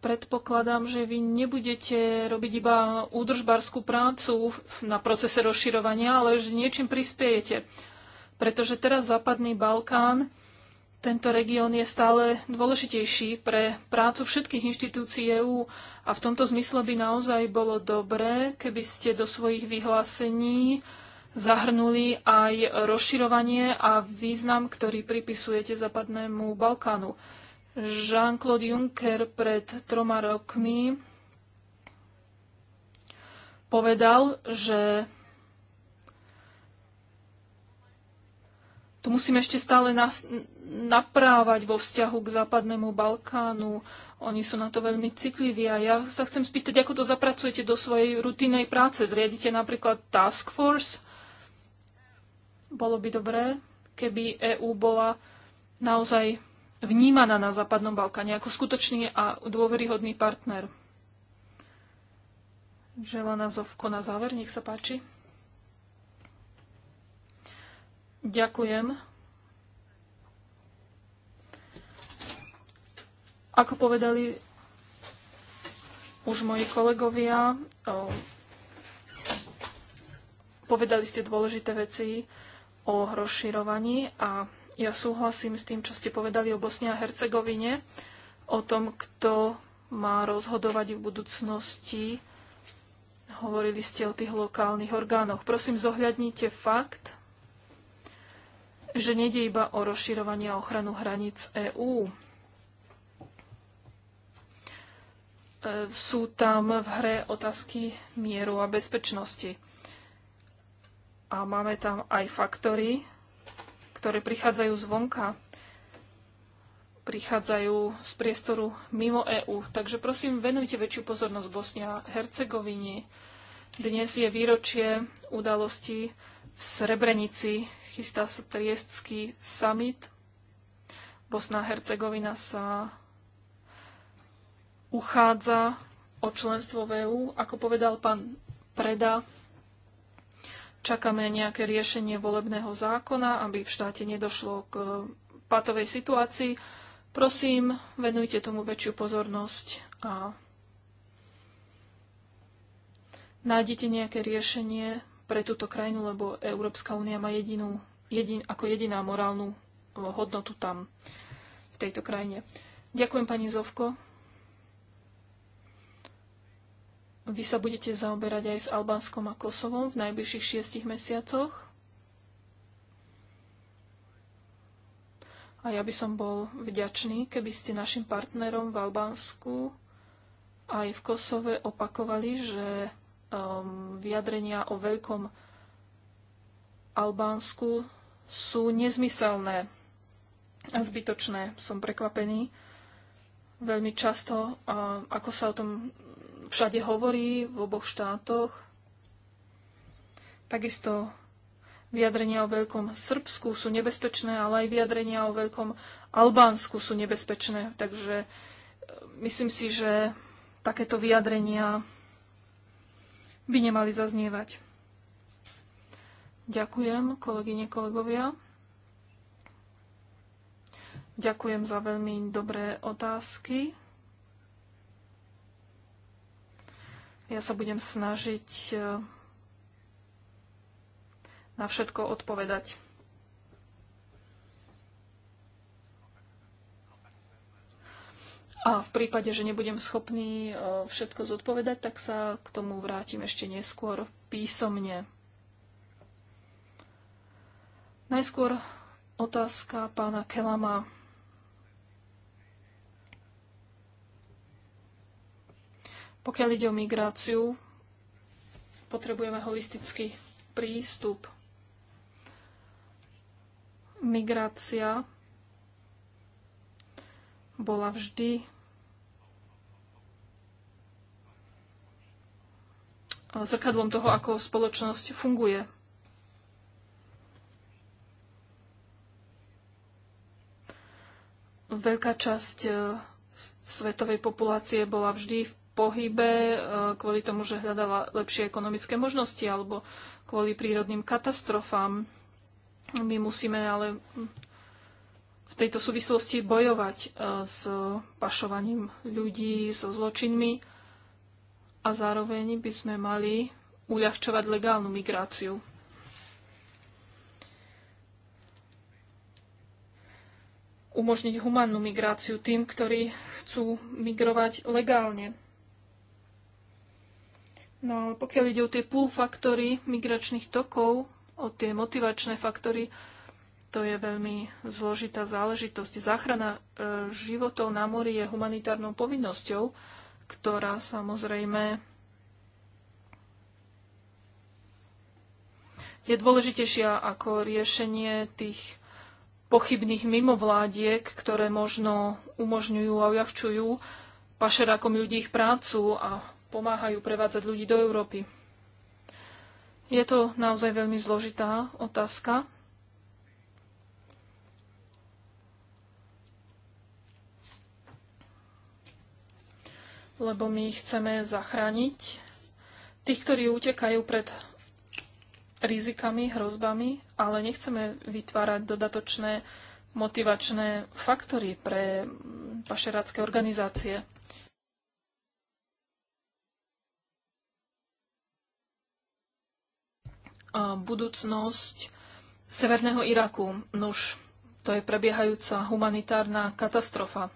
predpokladám, že vy nebudete robiť iba údržbárskú prácu na procese rozširovania, ale že niečím prispiejete. Pretože teraz Západný Balkán, tento región je stále dôležitejší pre prácu všetkých inštitúcií EÚ a v tomto zmysle by naozaj bolo dobré, keby ste do svojich vyhlásení zahrnuli aj rozširovanie a význam, ktorý pripisujete Západnému Balkánu. Jean-Claude Juncker pred troma rokmi povedal, že to musíme ešte stále nas- naprávať vo vzťahu k západnému Balkánu. Oni sú na to veľmi citliví a ja sa chcem spýtať, ako to zapracujete do svojej rutinnej práce. Zriadite napríklad task force. Bolo by dobré, keby EÚ bola naozaj vnímaná na Západnom Balkáne ako skutočný a dôveryhodný partner. Želaná Zovko na záver, nech sa páči. Ďakujem. Ako povedali už moji kolegovia, povedali ste dôležité veci o rozširovaní a ja súhlasím s tým, čo ste povedali o Bosne a Hercegovine, o tom, kto má rozhodovať v budúcnosti. Hovorili ste o tých lokálnych orgánoch. Prosím, zohľadnite fakt, že nejde iba o rozširovanie a ochranu hraníc EÚ. E, sú tam v hre otázky mieru a bezpečnosti. A máme tam aj faktory, ktoré prichádzajú zvonka, prichádzajú z priestoru mimo EÚ. Takže prosím, venujte väčšiu pozornosť Bosnia a Hercegovine. Dnes je výročie udalosti v Srebrenici. Chystá sa triestský summit. Bosna a Hercegovina sa uchádza o členstvo v EÚ. Ako povedal pán Preda, Čakáme nejaké riešenie volebného zákona, aby v štáte nedošlo k e, patovej situácii. Prosím, venujte tomu väčšiu pozornosť a nájdete nejaké riešenie pre túto krajinu, lebo Európska únia má jedinú, jedin, ako jediná morálnu e, hodnotu tam, v tejto krajine. Ďakujem pani Zovko. Vy sa budete zaoberať aj s Albánskom a Kosovom v najbližších šiestich mesiacoch. A ja by som bol vďačný, keby ste našim partnerom v Albánsku aj v Kosove opakovali, že um, vyjadrenia o veľkom Albánsku sú nezmyselné a zbytočné. Som prekvapený veľmi často, ako sa o tom všade hovorí v oboch štátoch. Takisto vyjadrenia o Veľkom Srbsku sú nebezpečné, ale aj vyjadrenia o Veľkom Albánsku sú nebezpečné. Takže e, myslím si, že takéto vyjadrenia by nemali zaznievať. Ďakujem, kolegyne, kolegovia. Ďakujem za veľmi dobré otázky. Ja sa budem snažiť e, na všetko odpovedať. A v prípade, že nebudem schopný e, všetko zodpovedať, tak sa k tomu vrátim ešte neskôr písomne. Najskôr otázka pána Kelama. Pokiaľ ide o migráciu, potrebujeme holistický prístup. Migrácia bola vždy zrkadlom toho, ako spoločnosť funguje. Veľká časť eh, svetovej populácie bola vždy v pohybe e, kvôli tomu, že hľadala lepšie ekonomické možnosti alebo kvôli prírodným katastrofám. My musíme ale v tejto súvislosti bojovať e, s pašovaním ľudí, so zločinmi a zároveň by sme mali uľahčovať legálnu migráciu. Umožniť humánnu migráciu tým, ktorí chcú migrovať legálne. No ale pokiaľ ide o tie pull faktory migračných tokov, o tie motivačné faktory, to je veľmi zložitá záležitosť. Záchrana e, životov na mori je humanitárnou povinnosťou, ktorá samozrejme je dôležitejšia ako riešenie tých pochybných mimovládiek, ktoré možno umožňujú a ujavčujú pašerákom ľudí ich prácu a pomáhajú prevádzať ľudí do Európy. Je to naozaj veľmi zložitá otázka. Lebo my chceme zachrániť tých, ktorí utekajú pred rizikami, hrozbami, ale nechceme vytvárať dodatočné motivačné faktory pre pašerácké organizácie. budúcnosť Severného Iraku. Nuž, to je prebiehajúca humanitárna katastrofa.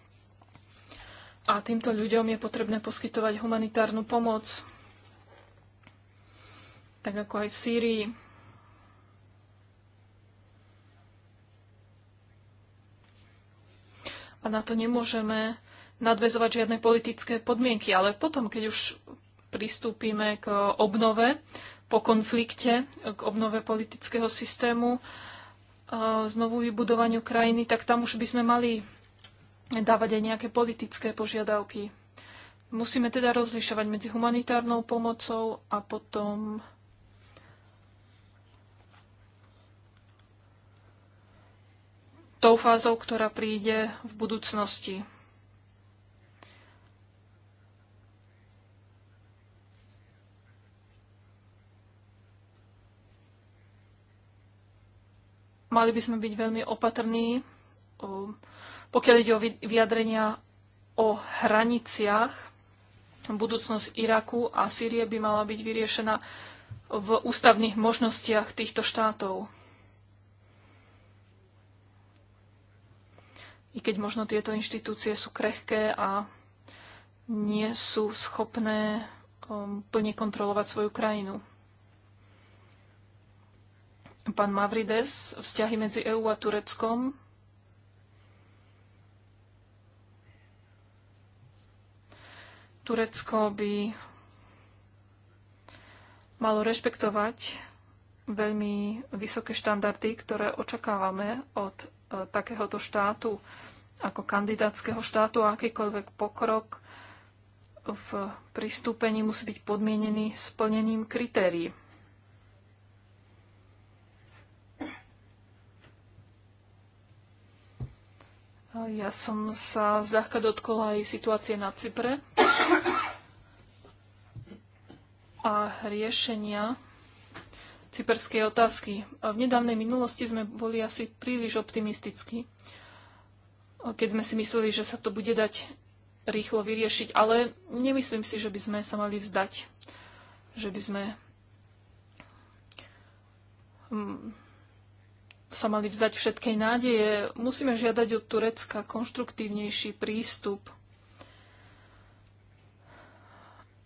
A týmto ľuďom je potrebné poskytovať humanitárnu pomoc, tak ako aj v Sýrii. A na to nemôžeme nadvezovať žiadne politické podmienky, ale potom, keď už pristúpime k obnove po konflikte, k obnove politického systému, znovu vybudovaniu krajiny, tak tam už by sme mali dávať aj nejaké politické požiadavky. Musíme teda rozlišovať medzi humanitárnou pomocou a potom tou fázou, ktorá príde v budúcnosti. mali by sme byť veľmi opatrní, pokiaľ ide o vyjadrenia o hraniciach. Budúcnosť Iraku a Sýrie by mala byť vyriešená v ústavných možnostiach týchto štátov. I keď možno tieto inštitúcie sú krehké a nie sú schopné plne kontrolovať svoju krajinu. Pán Mavrides, vzťahy medzi EÚ a Tureckom. Turecko by malo rešpektovať veľmi vysoké štandardy, ktoré očakávame od e, takéhoto štátu ako kandidátskeho štátu a akýkoľvek pokrok v pristúpení musí byť podmienený splnením kritérií. Ja som sa zľahka dotkola aj situácie na Cypre a riešenia cyperskej otázky. V nedávnej minulosti sme boli asi príliš optimistickí, keď sme si mysleli, že sa to bude dať rýchlo vyriešiť, ale nemyslím si, že by sme sa mali vzdať, že by sme mm, sa mali vzdať všetkej nádeje. Musíme žiadať od Turecka konštruktívnejší prístup,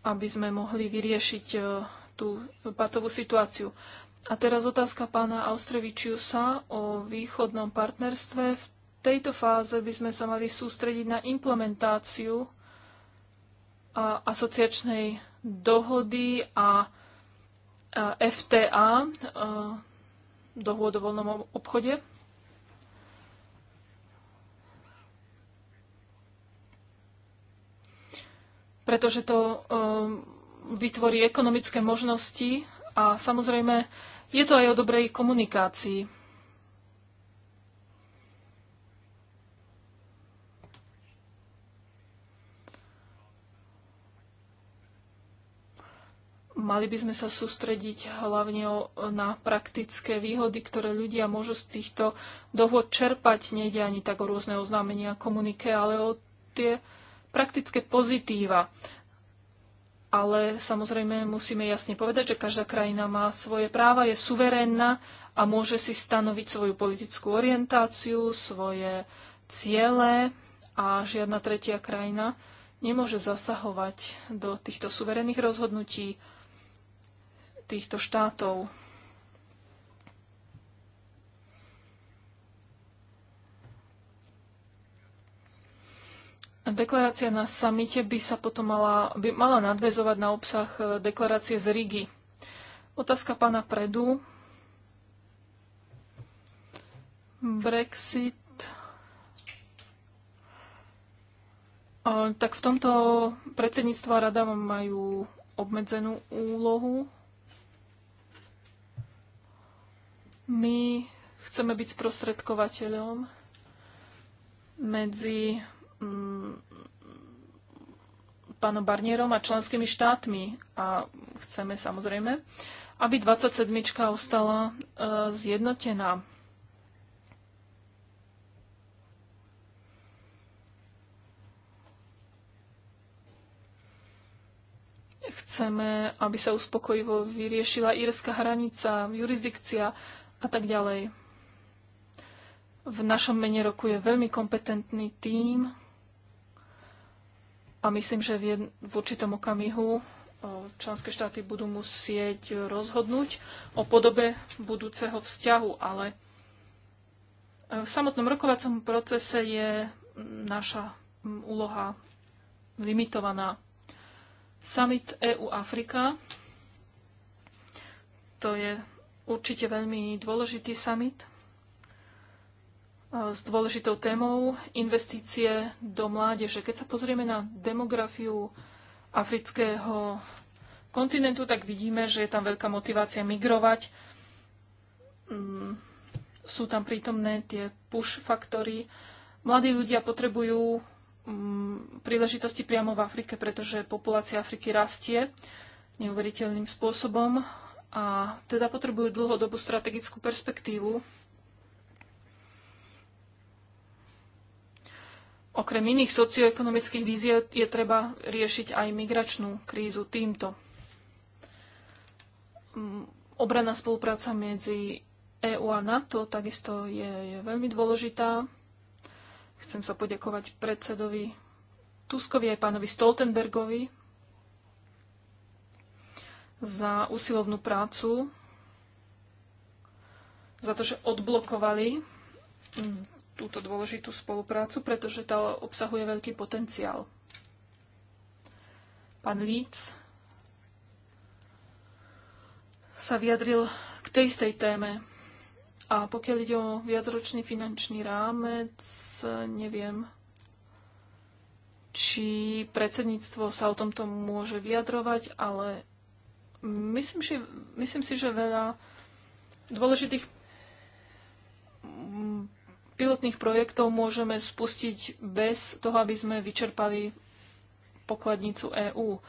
aby sme mohli vyriešiť e, tú patovú situáciu. A teraz otázka pána Austrevičiusa o východnom partnerstve. V tejto fáze by sme sa mali sústrediť na implementáciu a asociačnej dohody a, FTA, dohôd o voľnom obchode. Pretože to um, vytvorí ekonomické možnosti a samozrejme je to aj o dobrej komunikácii. Mali by sme sa sústrediť hlavne na praktické výhody, ktoré ľudia môžu z týchto dohod čerpať. Nejde ani tak o rôzne oznámenia komunike, ale o tie praktické pozitíva. Ale samozrejme musíme jasne povedať, že každá krajina má svoje práva, je suverénna a môže si stanoviť svoju politickú orientáciu, svoje ciele a žiadna tretia krajina nemôže zasahovať do týchto suverénnych rozhodnutí týchto štátov. Deklarácia na samite by sa potom mala, by mala nadvezovať na obsah eh, deklarácie z Rigi. Otázka pána Predu. Brexit. Eh, tak v tomto predsedníctva rada majú obmedzenú úlohu. My chceme byť sprostredkovateľom medzi mm, pánom Barnierom a členskými štátmi a chceme samozrejme, aby 27. ostala e, zjednotená. Chceme, aby sa uspokojivo vyriešila írska hranica, jurisdikcia a tak ďalej. V našom mene roku je veľmi kompetentný tím a myslím, že v, jed, v určitom okamihu členské štáty budú musieť rozhodnúť o podobe budúceho vzťahu, ale e, v samotnom rokovacom procese je naša úloha limitovaná. Summit EU-Afrika, to je určite veľmi dôležitý summit e, s dôležitou témou investície do mládeže. Keď sa pozrieme na demografiu afrického kontinentu, tak vidíme, že je tam veľká motivácia migrovať. Mm, sú tam prítomné tie push faktory. Mladí ľudia potrebujú mm, príležitosti priamo v Afrike, pretože populácia Afriky rastie neuveriteľným spôsobom a teda potrebujú dlhodobú strategickú perspektívu. Okrem iných socioekonomických víziev je treba riešiť aj migračnú krízu týmto. Mm, obranná spolupráca medzi EÚ a NATO takisto je, je veľmi dôležitá. Chcem sa poďakovať predsedovi Tuskovi aj pánovi Stoltenbergovi za usilovnú prácu, za to, že odblokovali mm, túto dôležitú spoluprácu, pretože tá obsahuje veľký potenciál. Pán Líc sa vyjadril k tej istej téme. A pokiaľ ide o viacročný finančný rámec, neviem, či predsedníctvo sa o tomto môže vyjadrovať, ale Myslím, že, myslím si, že veľa dôležitých mm, pilotných projektov môžeme spustiť bez toho, aby sme vyčerpali pokladnicu EÚ.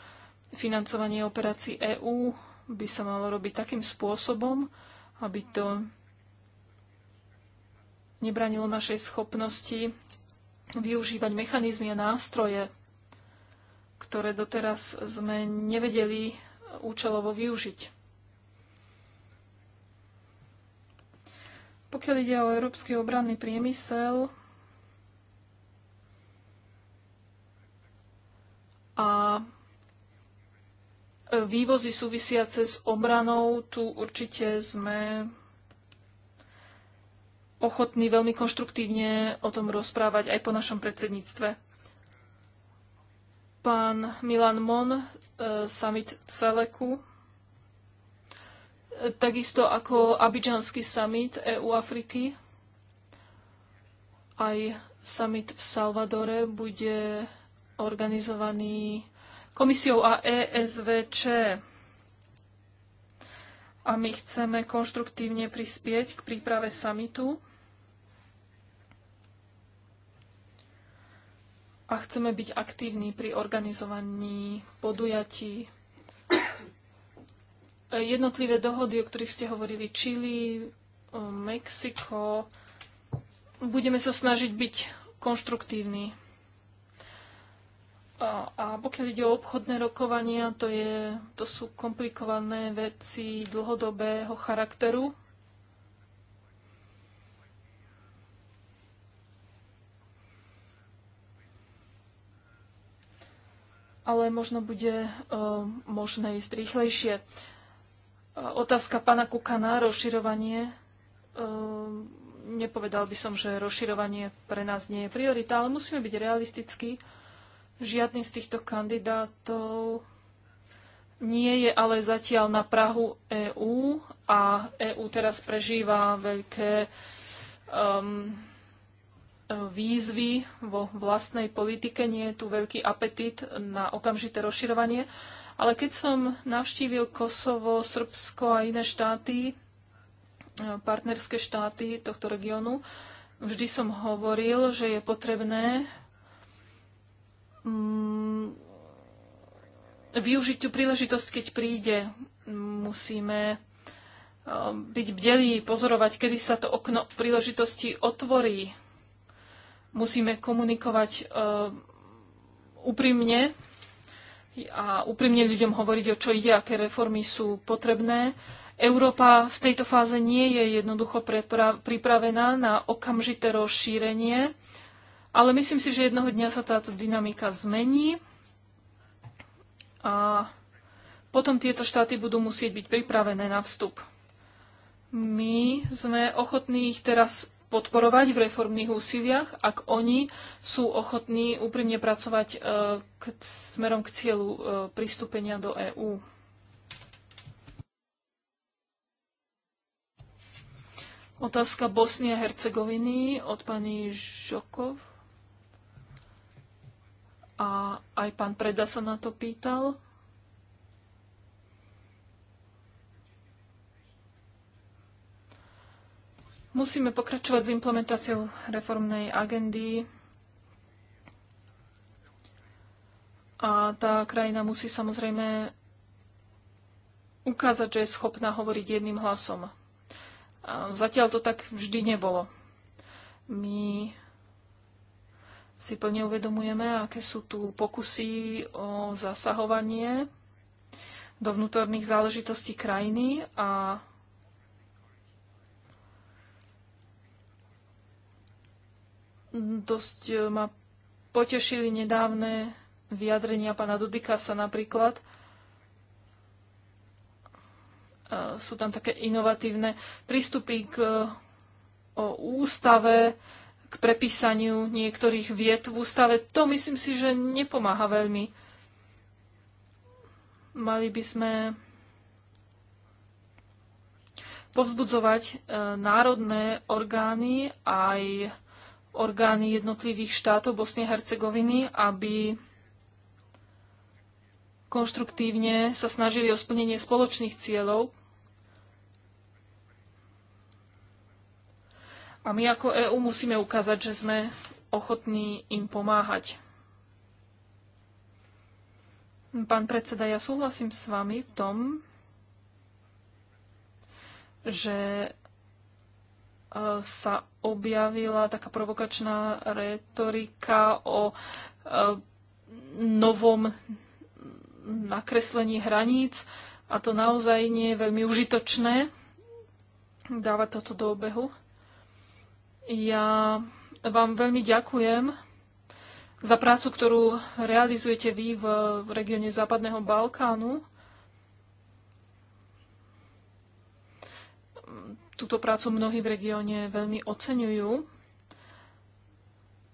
Financovanie operácií EÚ by sa malo robiť takým spôsobom, aby to nebranilo našej schopnosti využívať mechanizmy a nástroje, ktoré doteraz sme nevedeli účelovo využiť. Pokiaľ ide o európsky obranný priemysel a vývozy súvisiace s obranou, tu určite sme ochotní veľmi konštruktívne o tom rozprávať aj po našom predsedníctve pán Milan Mon, e, summit Celeku, e, takisto ako Abidžanský summit EU Afriky. Aj summit v Salvadore bude organizovaný komisiou a ESVČ. A my chceme konštruktívne prispieť k príprave samitu. a chceme byť aktívni pri organizovaní podujatí. Jednotlivé dohody, o ktorých ste hovorili, Čili, e, Mexiko, budeme sa snažiť byť konštruktívni. A, a pokiaľ ide o obchodné rokovania, to, je, to sú komplikované veci dlhodobého charakteru, ale možno bude e, možné ísť rýchlejšie. E, otázka pána Kukana, rozširovanie. E, nepovedal by som, že rozširovanie pre nás nie je priorita, ale musíme byť realistickí. Žiadny z týchto kandidátov nie je ale zatiaľ na Prahu EÚ a EÚ teraz prežíva veľké um, výzvy vo vlastnej politike, nie je tu veľký apetít na okamžité rozširovanie. Ale keď som navštívil Kosovo, Srbsko a iné štáty, e, partnerské štáty tohto regiónu, vždy som hovoril, že je potrebné mm, využiť tú príležitosť, keď príde. Musíme e, byť bdelí, pozorovať, kedy sa to okno príležitosti otvorí Musíme komunikovať e, úprimne a úprimne ľuďom hovoriť, o čo ide, aké reformy sú potrebné. Európa v tejto fáze nie je jednoducho pripravená na okamžité rozšírenie, ale myslím si, že jednoho dňa sa táto dynamika zmení a potom tieto štáty budú musieť byť pripravené na vstup. My sme ochotní ich teraz podporovať v reformných úsiliach, ak oni sú ochotní úprimne pracovať e, k, smerom k cieľu e, pristúpenia do EÚ. Otázka Bosny a Hercegoviny od pani Žokov. A aj pán Preda sa na to pýtal. Musíme pokračovať s implementáciou reformnej agendy a tá krajina musí samozrejme ukázať, že je schopná hovoriť jedným hlasom. A zatiaľ to tak vždy nebolo. My si plne uvedomujeme, aké sú tu pokusy o zasahovanie do vnútorných záležitostí krajiny a Dosť e, ma potešili nedávne vyjadrenia pána Dudikasa napríklad. E, sú tam také inovatívne prístupy k e, o ústave, k prepísaniu niektorých viet v ústave. To myslím si, že nepomáha veľmi. Mali by sme povzbudzovať národné orgány aj orgány jednotlivých štátov Bosnie a Hercegoviny, aby konštruktívne sa snažili o splnenie spoločných cieľov. A my ako EÚ musíme ukázať, že sme ochotní im pomáhať. Pán predseda, ja súhlasím s vami v tom, že E, sa objavila taká provokačná retorika o e, novom nakreslení hraníc a to naozaj nie je veľmi užitočné dávať toto do obehu. Ja vám veľmi ďakujem za prácu, ktorú realizujete vy v regióne Západného Balkánu. túto prácu mnohí v regióne veľmi oceňujú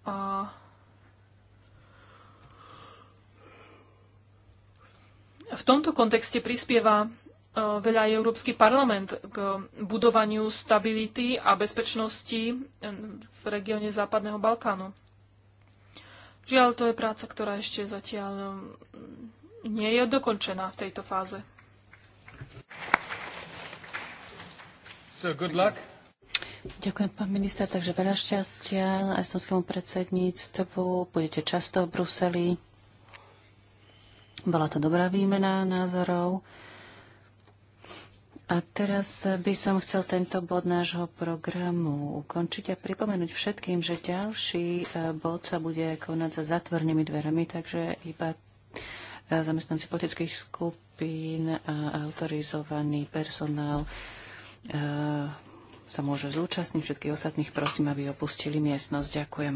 a v tomto kontexte prispieva e, veľa aj Európsky parlament k budovaniu stability a bezpečnosti e, v regióne Západného Balkánu. Žiaľ, to je práca, ktorá ešte zatiaľ mm, nie je dokončená v tejto fáze. So good luck. Ďakujem, pán minister. Takže veľa šťastia estonskému predsedníctvu. Budete často v Bruseli. Bola to dobrá výmena názorov. A teraz by som chcel tento bod nášho programu ukončiť a pripomenúť všetkým, že ďalší e, bod sa bude konať za zatvornými dverami, takže iba e, zamestnanci politických skupín a autorizovaný personál E, sa môže zúčastniť. Všetkých ostatných prosím, aby opustili miestnosť. Ďakujem.